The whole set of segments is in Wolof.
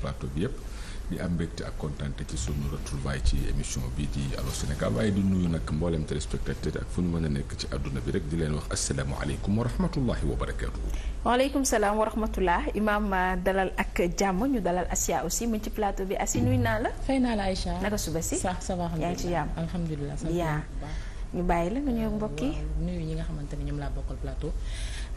plateau bi yëpp di am mbégte ak kontante ci sunu retrouvaille ci émission bi di Allô Sénégal waaye di nuyu nag mboolem téléspectateur ak fu ñu mën a nekk ci àdduna bi rek di leen wax asalaamaaleykum wa rahmatullahi wa barakaatu. waaleykum salaam wa rahmatullah ma euh, dalal ak jàmm ñu dalal Asia aussi mu ci plateau bi Asi nuyu naa la. fay naa la Aïcha naka suba si. sax ça va yaa ngi ci jàmm alhamdulilah. ñu bàyyi la nga ñëw mbokk yi nuyu ñi nga xamante ne ñoom laa bokkal plateau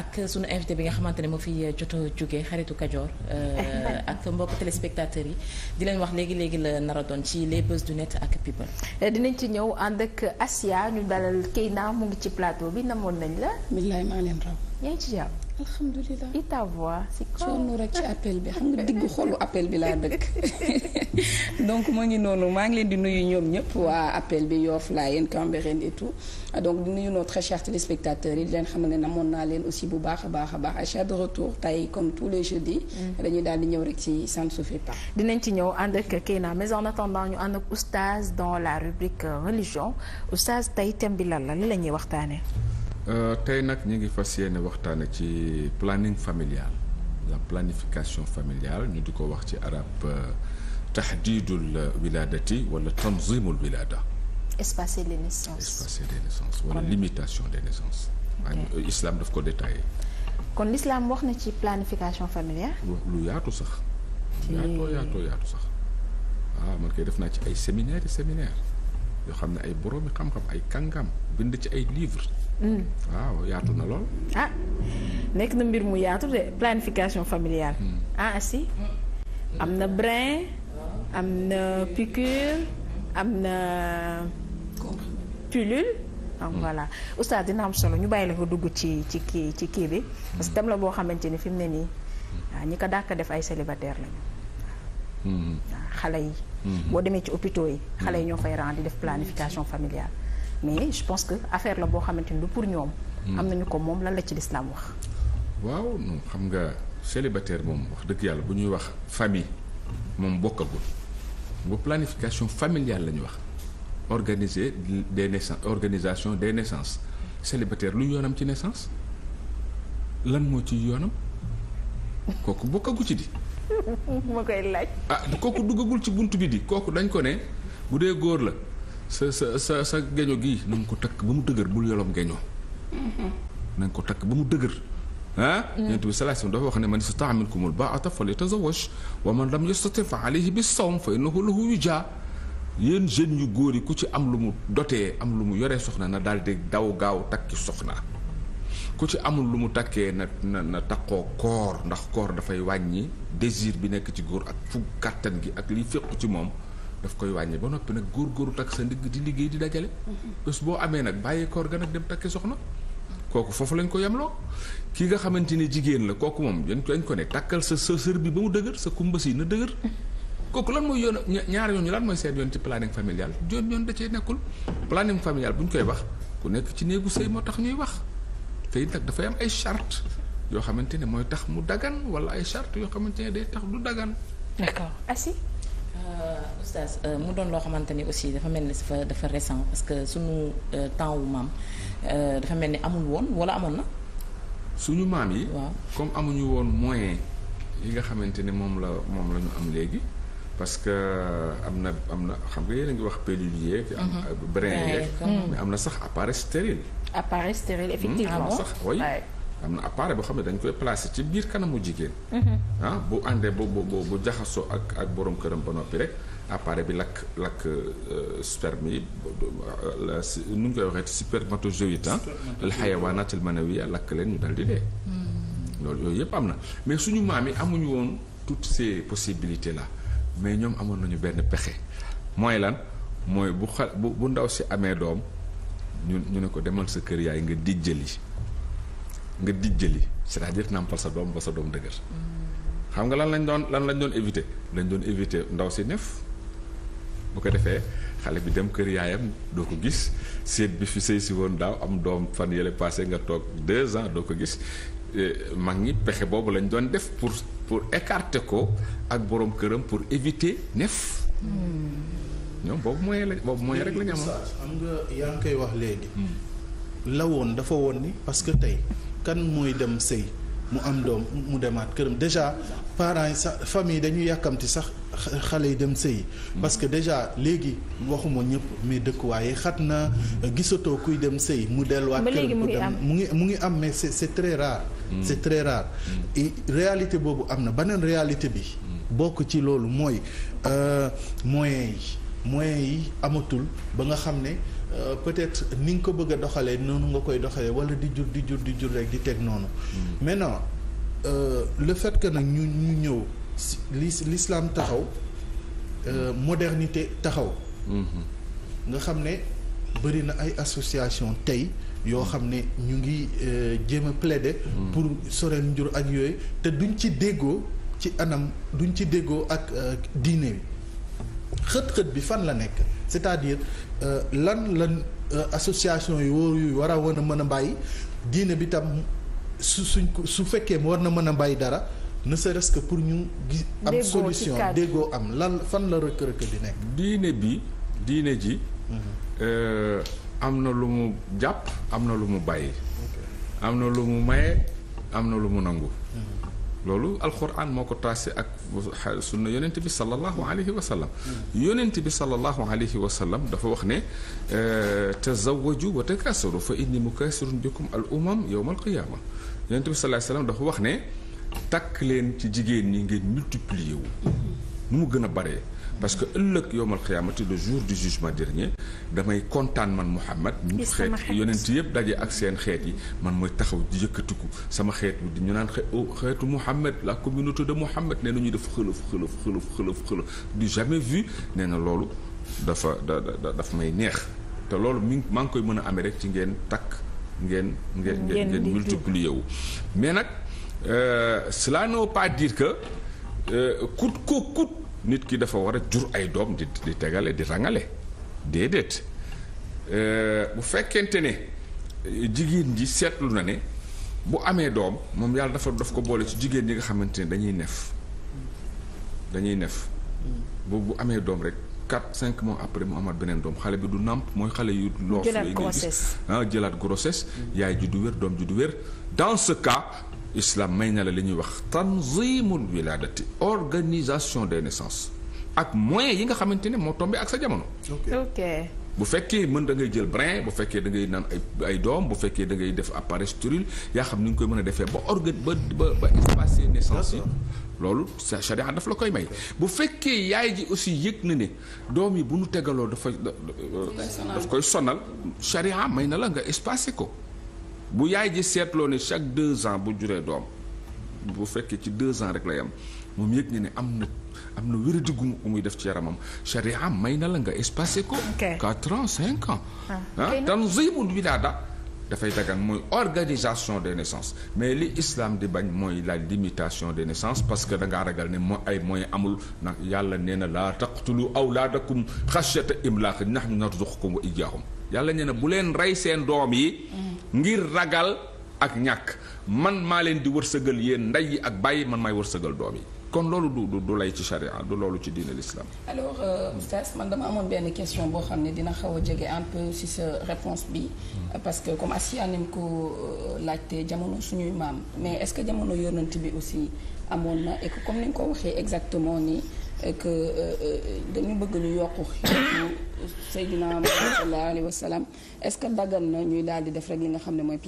ak sunu invité bi nga xamante ne moo fi jot a jóge xaritu Kajoor euh, ak mbokk téléspectateurs yi di leen wax léegi léegi la nar doon ci les buzz du net ak people. dinañ ci ñëw ànd ak Asia ñu dalal Keyna mu ngi ci plateau bi namoon nañ la. billaay maa leen raw. yaa ngi ci jàmm. alhamdulilah i ta voix si sonn rek ci appel bi xam nga diggu xolu appel bi laa dëkk donc moo ngi noonu maa ngi leen di nuyu ñoom ñëpp waa appel bi Yoff laa yéen Cambérène et tout donc di nuyu nos très chers téléspectateurs yi leen xam ne moon naa leen aussi bu baax a baax a baax achat de retour tey comme tous les jeudis mm. dañuy daal di ñëw rek ci ça ne se fait pas dinañ ci ñëw ànd ak Keina mais en attendant ñu ànd ak oustaz dans la rubrique euh, religion oustaz tey thème bi lan la la ñuy waxtaanee Euh, tey nag ñu ngi fas yéene waxtaane ci planning familial la planification familiale ñu di ko wax ci arab euh, tahdidul wiladati wala tanzimul wilada espacer les naissances espacer les naissances wala limitation des naissances okay. Euh, islam daf ko détaillé kon l'islam wax na ci planification familiale lu yaatu sax yaatoo yaatu sax ah man koy def naa ci ay séminaire séminaire yoo xam ne ay boroomi xam-xam ay kàngam bind ci ay livre hmm. waaw yaatu na lool. ah nekk na mbir mu yaatu de planification familiale. Hmm. ah si. am na brin am na piqûre am na pilule. donc hmm. voilà dina am solo ñu bàyyi la ko dugg ci ci kii ci kii bi. parce que tam la boo xamante ni fi mu ne nii ah, ñi ko dàkk def ay célibataire lañu. xale yi. Mhm. boo demee ci hôpitaux yi. Mhm. xale yi ñoo fay rend di def planification familiale mais je pense que affaire la boo xamante ni du pour ñoom. Mhm. am nañu ko moom lan la ci lislaam wax. waaw non xam nga célibataire moom wax dëgg yàlla bu ñuy wax famille moom bokkagul bu planification familiale la ñu wax organiser des naissances organisation des naissances célibataire lu yoonam ci naissance lan moo ci yoonam kooku bokkagu ci di. ma koy laaj. ah kooku duggagul ci bunt bi di kooku dañ ko ne bu dee góor la sa sa sa sa geño gii na ko takk ba mu dëgër bul yolom geño na ko takk ba mu dëgër. ah. Mm. yonent bi salaay dafa wax ne man istata'a minkumul baa'ata falyatazawwaj wa man lam yastati' fa alayhi bis-sawm fa innahu lahu wijaa yéen jeunes yu góor yi ku ci am lu mu dotee am lu mu yore soxna na daal di daw gaaw takki soxna. ku ci amul lu mu takkee na na na takkoo koor ndax koor dafay wàññi désir bi nekk ci góor ak fu kàttan gi ak liy féqu ci moom daf koy wàññi ba noppi nag góor-góoru takk sa ndigg di liggéey di dajale mm-hmm. bés boo amee nag bàyyee koor ga nag dem takki soxna kooku foofu lañ ko yemloo ki nga xamante ne jigéen la kooku moom dañ ko ko ne takkal sa sa sër bi ba mu dëgër sa kumba si na dëgër kooku lan mooy yoon ñaari yoon ñu lan mooy seen yoon ci planning familial yoon yoon da cee nekkul bu ñu koy wax moo tax ñuy wax te it nag dafay am ay chart yoo xamante ne mooy tax mu dagan wala ay charte yoo xamante ne day tax du dagan. d'accord Assi. Euh, oustaz euh, mu doon loo xamante ni aussi dafa mel ni dafa dafa récent parce que suñu euh, temps wu maam dafa mel ni amul woon wala amoon na. suñu maam yi. waaw comme amuñu woon moyen yi nga xamante ne moom la moom la am léegi. parce que am na am na xam nga yéen ngi wax pellulier. am mhm. brin yeeg mais am na sax appareil stérile. appareil stérile hmm, effectivement sax oui am na appareil boo xam ne dañ koy placé ci biir kanamu jigéen. Mm-hmm. ah bu àndee bu bu bu jaxasoo ak ak borom këram ba noppi rek appareil bi lakk lakk euh, sperme yi euh, nu ñu koy waxee ci spermatozoïde ah. al xayawaanaat al manawiya lakk leen ñu dal di dee. Mm. loolu yooyu yëpp am na mais suñu maam yi amuñu woon toutes ces possibilités la mais ñoom amoon nañu benn pexe mooy lan mooy bu xa bu bu ndaw si amee doom. ñu ñu ne ko demal sa kër yaay nga dijjali nga dijjali c'est-à-dire nàmpal sa doom ba sa doom dëgër. xam nga lan lañ doon lan lañ doon éviter lañ doon éviter ndaw si nef bu ko defee xale bi dem kër yaayam doo ko gis seet bi fi sëy si woon daaw am doom fan yële passé nga toog deux ans doo ko gis euh, mag ñi pexe boobu lañ doon def pour pour écarter ko ak boroom këram pour éviter nef. Hmm. ñoom boobu moyen la boobu moyen rek la ñu xam nga yaa ngi koy wax léegi. Hmm. dafa woon ni parce que tey kan mooy dem sëy mu am doom mu demaat këram déjà parents sax famille dañu yàkkamti sax xale yi dem sëy hmm. parce que déjà léegi waxuma ñëpp mais dëkkuwaay xat na gisatoo kuy dem sëy mu delluwaat këram ngi mu ngi am mais c'est c'est très rare hmm. c'est réalité boobu am na beneen réalité bi bokk ci loolu mooy euh, moyens yi moyens yi amatul ba nga xam ne euh, peut-être ni nga ko bëgg a doxalee noonu nga koy doxalee wala di jur di jur di jur rek di teg noonu. Mm. maintenant euh, le fait que nag ñu ñu ñëw si l'islam taxaw euh, modernité taxaw. Mm-hmm. nga xam ne bëri na ay association tey yoo xam ne ñu ngi jéem a plaider. Mm. pour soreel njur ak yooyu te duñ ci déggoo ci anam duñ ci déggoo ak diine xët-xët bi fan la nekk c'est-à-dire euh, lan lan euh, association yu war a war a mën a bàyyi diine bi tam su suñ ko su fekkee war na mën a bàyyi dara na serait resque pour ñu gis am solution déggoo am lan fan la rëkk-rëkk di nekk diine bi diine ji mhm. euh, am na lu mu jàpp am na lu mu bàyyi am na lu mu maye am na lu mu nangu loolu alquran moo ko tracé ak sunna yonent bi sallallahu alayhi wa sallam yonent bi sallallahu alayhi wa sallam dafa wax ne euh, tazawwaju wa takaasaru fa inni mukaasirun bikum al umam yawma al qiyama yonent bi sallallahu alayhi wa dafa wax ne takk leen ci jigéen ñi ngeen multiplier wu nu mu gën a baree parce que ëllëg yowmal xiyaamati le jour du jugement dernier damay kontaan man Mouhamad ñu xeet yonent yëpp daje ak seen xeet yi man mooy taxaw di yëkkatiku sama xeet bi di ñu naan oh, xeetu Mouhamad la communauté de Mouhamad nee na ñuy def xëlëf xëlëf xëlëf xëlëf xëlëf du jamais vu nee na loolu dafa da dafa may neex te loolu mi maa ngi koy mën a amee rek ci ngeen takk ngeen ngeen ngeen ngeen multiplier mais nag euh, cela ne veut dire que euh, coûte que coûte nit ki dafa war a jur ay doom di di tegale di rangale déedéet euh, bu fekkente ne jigéen ji seetlu na ne bu amee doom moom yàlla dafa daf ko boole ci jigéen ñi nga xamante ne dañuy nef dañuy nef bu bu amee doom rek quatre cinq mois après mu amaat beneen doom xale bi du nàmp mooy xale yu loof yi nga jëlaat grossesse yaay ji du wér doom ji du wér dans ce cas islam may na la li ñuy wax tanzimul wiladati organisation des naissances ak moyens yi nga xamante ne moo tombé ak sa jamono. ok bu fekkee mën da ngay jël brin bu fekkee da ngay naan ay doom bu fekkee da ngay def appareil stérile yaa xam ni nga koy mën a defee ba organ ba ba ba espacer naissance loolu sa charia daf la koy may bu fekkee yaay ji aussi yëg na ne doom yi bu nu tegaloo dafa daf koy sonal charia may na la nga espacer ko. bu yaay ji seetloo ne chaque deux ans bu juree doom bu fekkee ci deux ans rek la yam moom yëg na ne am na am na wéradi gu muy def ci yaramam charia may na la nga espacé ko. quatre ans cinq ans. ah, ah tanzimul wilaada dafay dagan mooy organisation des naissances mais li islam di bañ mooy la limitation de naissances parce que da ngaa ragal ne moo ay moyens amul ndax yàlla nee na laa aw taqtulu awlaadakum xashyata imlaaq nahnu narzuqukum wa iyyaahum yàlla ñu ne bu leen rey seen doom yi ngir ragal ak ñàkk man maa leen di wërsëgal yéen ndey yi ak bàyyi man maay wërsëgal doom yi kon loolu du du lay ci charia du loolu ci diine l'islam alors euh, oustaz man dama amoon benn question boo xam ne dina xaw a jege un peu si sa réponse bi hmm. parce que comme asiya nañ ko euh, laajte jamono suñuy maam mais est-ce que jamono yonent bi aussi amoon na et comme ni ko waxee exactement nii et que euh, euh, dañu bëgg ñu yokk Seydina Muhammad sallallahu alayhi wa salaam est-ce que dagan na ñuy daal di def rek li nga xam ne mooy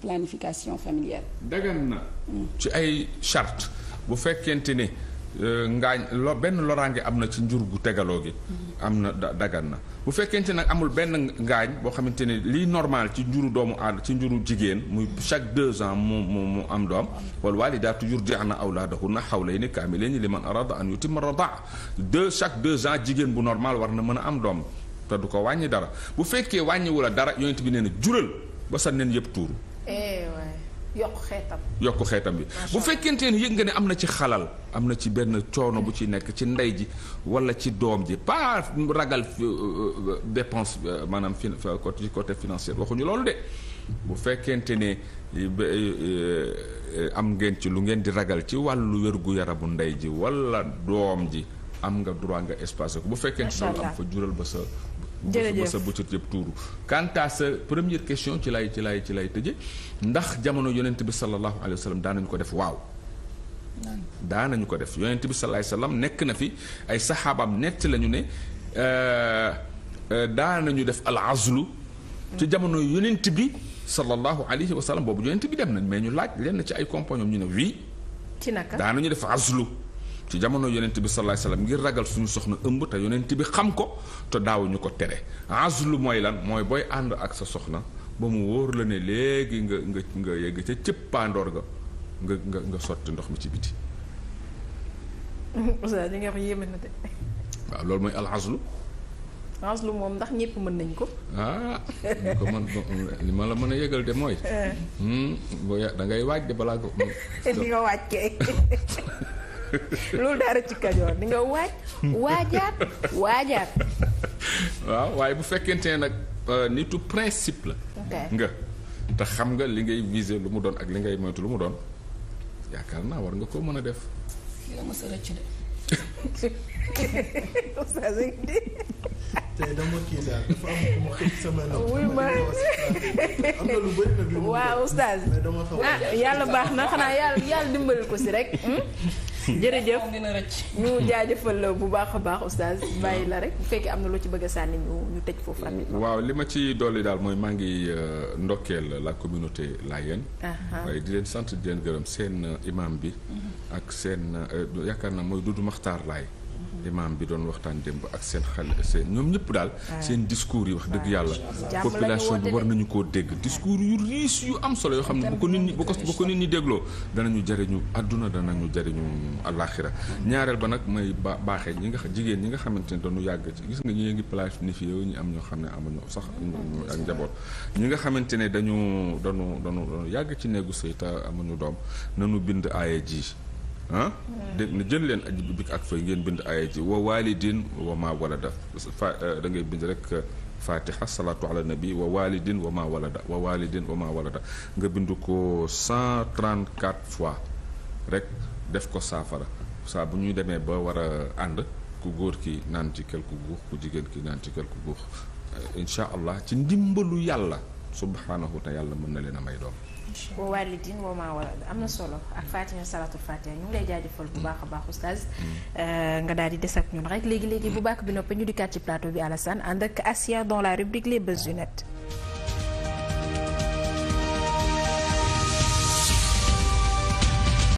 planification familiale dagan na mm. ci ay charte bu fekkente ne Euh, ngaañ lo benn loraange am na ci njur gu tegaloo gi. Mm-hmm. am na da dagan na bu fekkente nag amul benn ngaañ boo xamante ne lii normal ci njuru doomu aadama ci njuru jigéen muy chaque deux ans mu mu mu am doom wal waalidaatu yurdi'na awlaadahunna hawlayni kaamilayni liman arada an yutimma radaa deux chaque deux ans jigéen bu normal war na mën a am doom te du ko wàññi dara bu fekkee la dara yonent bi nee na jural ba sa nen yëpp yokk xeetam. yokk xeetam bi bu fekkente ni yëg nga ne am na ci xalal am na ci benn coono bu ci nekk ci ndey ji wala ci doom ji pas ragal euh, euh, dépense euh, maanaam fi côté côté financier waxuñu loolu de bu fekkente ne am ngeen ci lu ngeen di ragal ci wàllu wérgu yaramu ndey ji wala doom ji am nga droit nga espace ko bu fekkente ne am fa jural ba sa jërëjëf sa bëccëg yëpp tuuru quant à sa première question ci lay ci lay ci lay tëje ndax jamono yonent bi sallallahu alayhi wa sallam daanañu ko def waaw daanañu ko def yonent bi sallallahu alayhi wa sallam nekk na fi ay saxaabam nett lañu ne euh, euh, daanañu def al azlu ci jamono yonent bi sallallahu alayhi wa sallam boobu yonent bi dem nañ mais ñu laaj lenn ci ay compagnons ñu ne wii ci naka daanañu def azlu ci jamono yonent bi salaay salaam ngir ragal suñu soxna ëmb te yonent bi xam ko te daawuñu ko tere azlu mooy lan mooy booy ànd ak sa soxna ba mu wóor la ne léegi nga nga nga yegg ca cëppaandoor ga nga nga nga sotti ndox mi ci biti. oustaz na de. waaw loolu mooy al azlu. azlu moom ndax ñëpp mën nañ ko. ah li ma la mën a yëgal de mooy. Hmm, boo da waaj de balaa ko. di nga waaj kay. loolu dara ci kajoor di nga waaj waajaat waajaat waaw waaye bu fekkente ne nag euh, nitu principe la nga te xam nga li ngay viser lu mu doon ak li ngay moytu lu mu doon yaakaar naa war nga koo mën a def li ma de tey dama kii waaw oustaz ah yàlla baax na xanaa yàlla yàlla dimbali ko si rek hmm? jërëjëf ñu jaajëfal bu baax a baax oustaz bàyyi la rek bu fekkee am na loo ci bëgg sànni ñu ñu tëj foofu am waaw li ma ci dolli daal mooy maa ngi euh, ndokkeel la communauté Layène waaye di leen sant di leen gërëm seen euh, imam bi mhm. ak seen euh, yaakaar na mooy Dudu Maxtaar Laay limaam bi doon waxtaan démb ak seen xel seen ñoom ñëpp daal ah. seen discours yi wax dëgg ah. yàlla population bi war nañu koo dégg discours yu riis yu am solo yoo xam ne bu ko nit ñi bu ko bu ko nit ñi dégloo danañu jariñu àdduna ñu jariñu àllaaxira ñaareel ba nag may ba baaxee ñi nga jigéen ñi nga xamante ne dañu yàgg ci gis nga ñi ngi planifié wu ñu am ñoo xam ne amuñu sax ak ah. njaboot ñi nga xamante ne dañu dañu dañu yàgg ci néegu sëy te amuñu doom nanu bind aaye ji ah dégg na jël leen aji bi ak fay ngeen bind aaya ji wa walidin wa ma walada fa euh, da ngay bind rek euh, fatiha salatu ala nabi wa walidin wa ma walada wa walidin wa ma walada nga bind ko 134 fois rek def ko saafara saa bu ñuy demee ba war a ànd ku góor ki naan ci quelque guux ku jigéen ki naan ci quelque guux euh, incha allah ci ndimbalu yàlla subhanahu wa taala yàlla mën na leen a may doom boo waalidin woo maa wala am na solo ak Fatima Salatul Fatiha ñu ngi lay jaajëfal bu baax a baax oustaz euh, nga daal di des ak ñun rek léegi léegi bu baax bi noppee ñu dikkaat ci plateau bi Alassane ànd ak Asia dans la rubrique les buzz du net